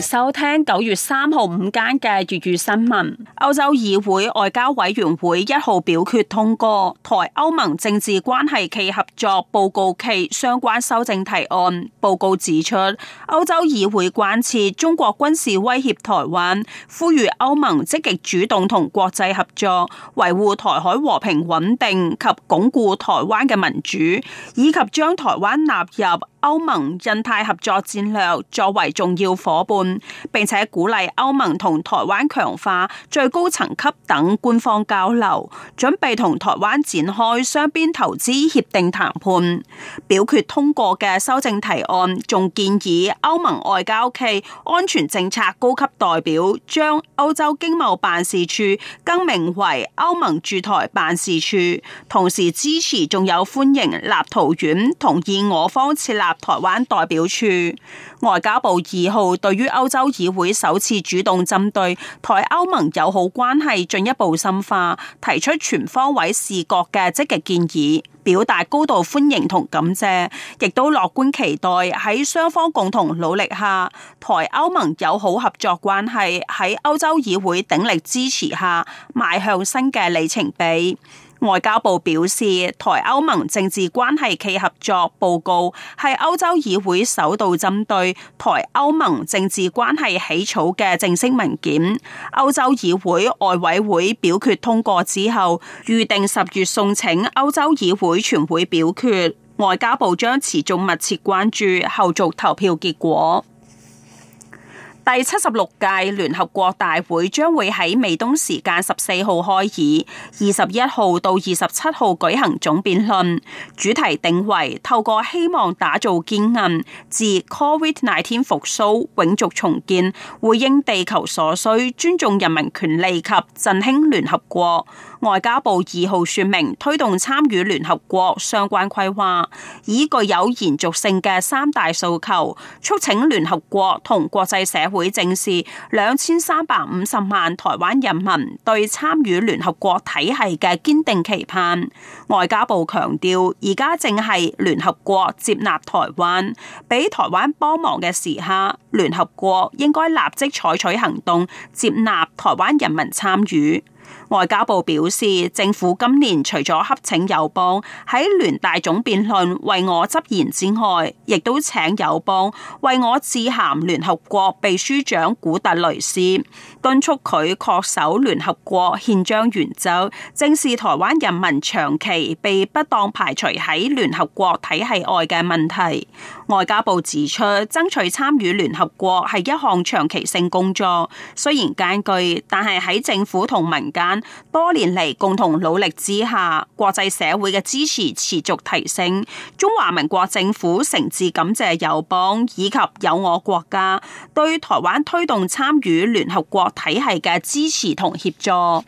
收聽九月三號午間嘅粵語新聞。歐洲議會外交委員會一號表決通過台歐盟政治關係暨合作報告暨相關修正提案。報告指出，歐洲議會關切中國軍事威脅台灣，呼籲歐盟積極主動同國際合作，維護台海和平穩定及鞏固台灣嘅民主，以及將台灣納入歐盟印太合作戰略作為重要夥伴。並且鼓勵歐盟同台灣強化最高層級等官方交流，準備同台灣展開雙邊投資協定談判。表決通過嘅修正提案，仲建議歐盟外交暨安全政策高級代表將歐洲經貿辦事處更名為歐盟駐台辦事處，同時支持仲有歡迎立陶宛同意我方設立台灣代表處。外交部二號對於。歐洲議會首次主動針對台歐盟友好關係進一步深化，提出全方位視覺嘅積極建議，表達高度歡迎同感謝，亦都樂觀期待喺雙方共同努力下，台歐盟友好合作關係喺歐洲議會鼎力支持下，邁向新嘅里程碑。外交部表示，台歐盟政治關係暨合作報告係歐洲議會首度針對台歐盟政治關係起草嘅正式文件。歐洲議會外委會表決通過之後，預定十月送請歐洲議會全會表決。外交部將持續密切關注後續投票結果。第七十六屆聯合國大會將會喺美東時間十四號開議，二十一號到二十七號舉行總辯論，主題定為透過希望打造堅韌，自 Covid-19 復甦，永續重建，回應地球所需，尊重人民權利及振興聯合國。外交部二號說明，推動參與聯合國相關規劃，以具有延續性嘅三大訴求，促請聯合國同國際社。會正視兩千三百五十萬台灣人民對參與聯合國體系嘅堅定期盼。外交部強調，而家正係聯合國接納台灣、俾台灣幫忙嘅時刻，聯合國應該立即採取行動接納台灣人民參與。外交部表示，政府今年除咗洽請友邦喺聯大總辯論為我執言之外，亦都請友邦為我致函聯合國秘書長古特雷斯，敦促佢確守聯合國憲章原則，正視台灣人民長期被不當排除喺聯合國體系外嘅問題。外交部指出，爭取參與聯合國係一項長期性工作，雖然艱巨，但係喺政府同民間。多年嚟共同努力之下，國際社會嘅支持持續提升。中華民國政府誠摯感謝友邦以及友我國家對台灣推動參與聯合國體系嘅支持同協助。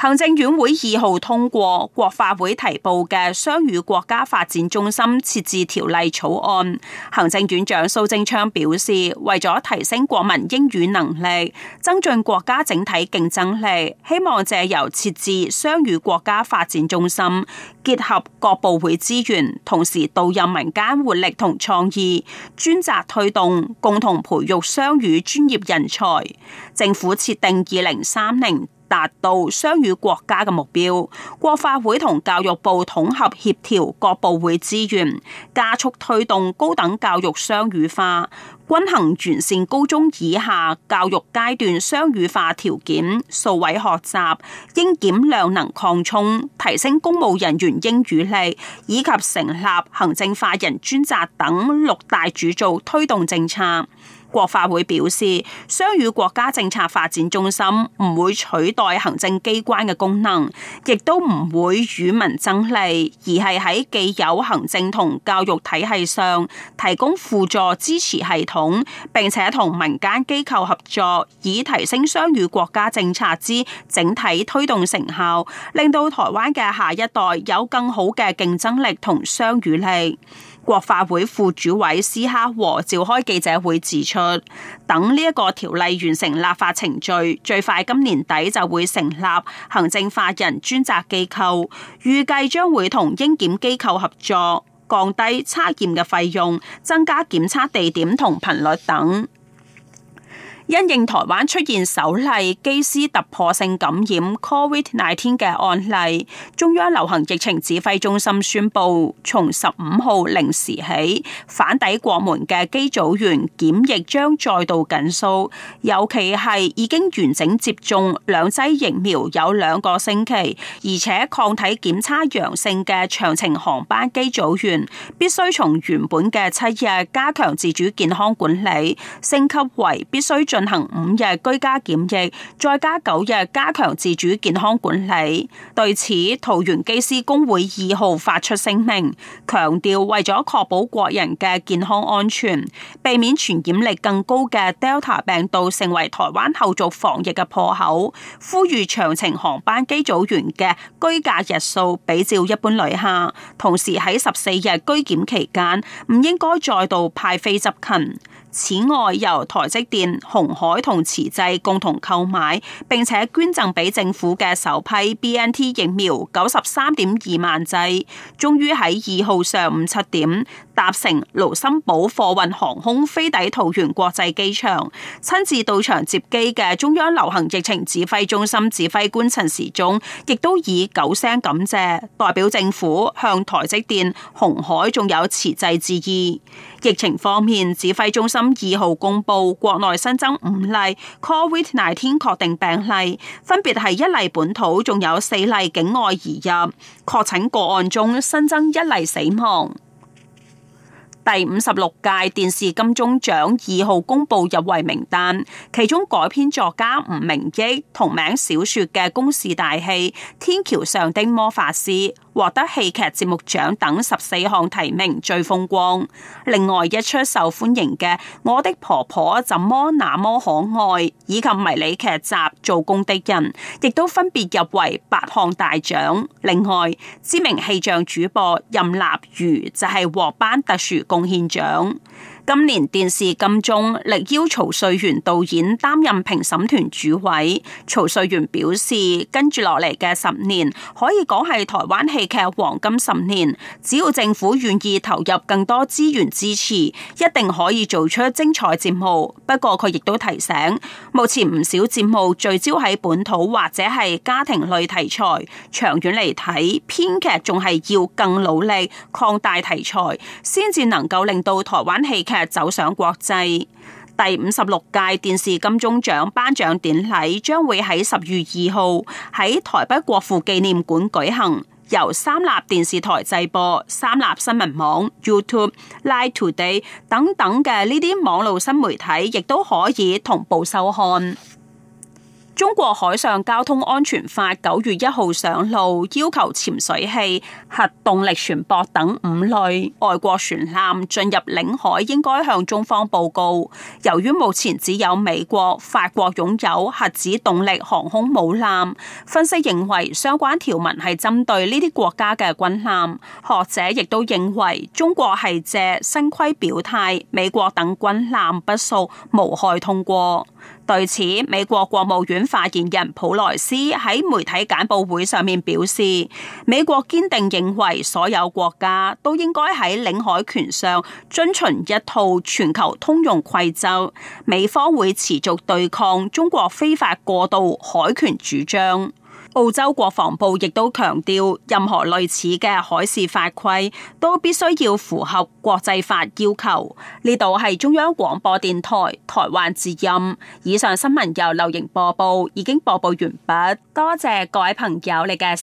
行政院會二號通過國發會提報嘅雙語國家發展中心設置條例草案。行政院長蘇貞昌表示，為咗提升國民英語能力，增進國家整體競爭力，希望借由設置雙語國家發展中心，結合各部會資源，同時導入民間活力同創意，專責推動，共同培育雙語專業人才。政府設定二零三零。達到雙語國家嘅目標，國發會同教育部統合協調各部會資源，加速推動高等教育雙語化，均衡完善高中以下教育階段雙語化條件，數位學習、英檢量能擴充、提升公務人員英語力以及成立行政法人專責等六大主造推動政策。國發會表示，雙語國家政策發展中心唔會取代行政機關嘅功能，亦都唔會與民爭利，而係喺既有行政同教育體系上提供輔助支持系統，並且同民間機構合作，以提升雙語國家政策之整體推動成效，令到台灣嘅下一代有更好嘅競爭力同雙語力。國發會副主委施克和召開記者會指出，等呢一個條例完成立法程序，最快今年底就會成立行政法人專責機構，預計將會同英檢機構合作，降低測驗嘅費用，增加檢測地點同頻率等。因應台灣出現首例機師突破性感染 Covid nineteen 嘅案例，中央流行疫情指揮中心宣布，從十五號零時起，返抵國門嘅機組員檢疫將再度緊縮，尤其係已經完整接種兩劑疫苗有兩個星期，而且抗體檢測陽性嘅長程航班機組員，必須從原本嘅七日加強自主健康管理，升級為必須進行五日居家檢疫，再加九日加強自主健康管理。對此，桃園機師工會二號發出聲明，強調為咗確保國人嘅健康安全，避免傳染力更高嘅 Delta 病毒成為台灣後續防疫嘅破口，呼籲長程航班機組員嘅居家日數比照一般旅客，同時喺十四日居檢期間唔應該再度派飛執勤。此外，由台積電、鴻海同慈濟共同購買，並且捐贈俾政府嘅首批 BNT 疫苗九十三點二萬劑，終於喺二號上午七點，搭乘盧森堡貨運航空飛抵桃園國際機場，親自到場接機嘅中央流行疫情指揮中心指揮官陳時中，亦都以九聲感謝代表政府向台積電、鴻海仲有慈濟致意。疫情方面，指揮中心二號公布國內新增五例 COVID-19 確定病例，分別係一例本土，仲有四例境外移入確診個案中新增一例死亡。第五十六屆電視金鐘獎二號公布入圍名單，其中改編作家吳明益同名小說嘅公視大戲《天橋上的魔法師》，獲得戲劇節目獎等十四項提名最風光，另外一出受歡迎嘅《我的婆婆怎麼那麼可愛》以及迷你劇集《做工的人》亦都分別入圍八項大獎。另外，知名氣象主播任立渝就係獲頒特殊貢獻獎。今年電視金鐘力邀曹瑞原導演擔任評審團主委，曹瑞原表示：跟住落嚟嘅十年，可以講係台灣戲劇黃金十年。只要政府願意投入更多資源支持，一定可以做出精彩節目。不過佢亦都提醒，目前唔少節目聚焦喺本土或者係家庭類題材，長遠嚟睇，編劇仲係要更努力擴大題材，先至能夠令到台灣戲劇。走上國際，第五十六屆電視金鐘獎頒獎典禮將會喺十月二號喺台北國父紀念館舉行，由三立電視台製播，三立新聞網、YouTube、Line Today 等等嘅呢啲網絡新媒體亦都可以同步收看。中國海上交通安全法九月一號上路，要求潛水器、核動力船舶等五類外國船艦進入領海應該向中方報告。由於目前只有美國、法國擁有核子動力航空母艦，分析認為相關條文係針對呢啲國家嘅軍艦。學者亦都認為中國係借新規表態，美國等軍艦不屬無害通過。對此，美國國務院發言人普萊斯喺媒體簡報會上面表示，美國堅定認為所有國家都應該喺領海權上遵循一套全球通用規則，美方會持續對抗中國非法過度海權主張。澳洲國防部亦都強調，任何類似嘅海事法規都必須要符合國際法要求。呢度係中央廣播電台台灣之音。以上新聞由流瑩播報，已經播報完畢。多謝各位朋友你嘅。